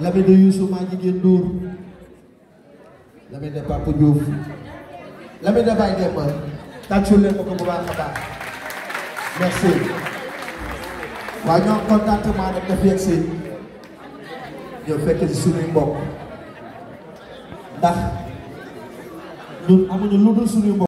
l'abbé de Youssou maa jigéen Ndour l'abbé de Papa Diouf l'abbé de Baye Demba tàccul leen ma ko bu baax a baax merci waaw ñoo am contentement daf daf ñoo fekk si suñuy mbokk ndax ñun amuñu lu dul suñuy mbokk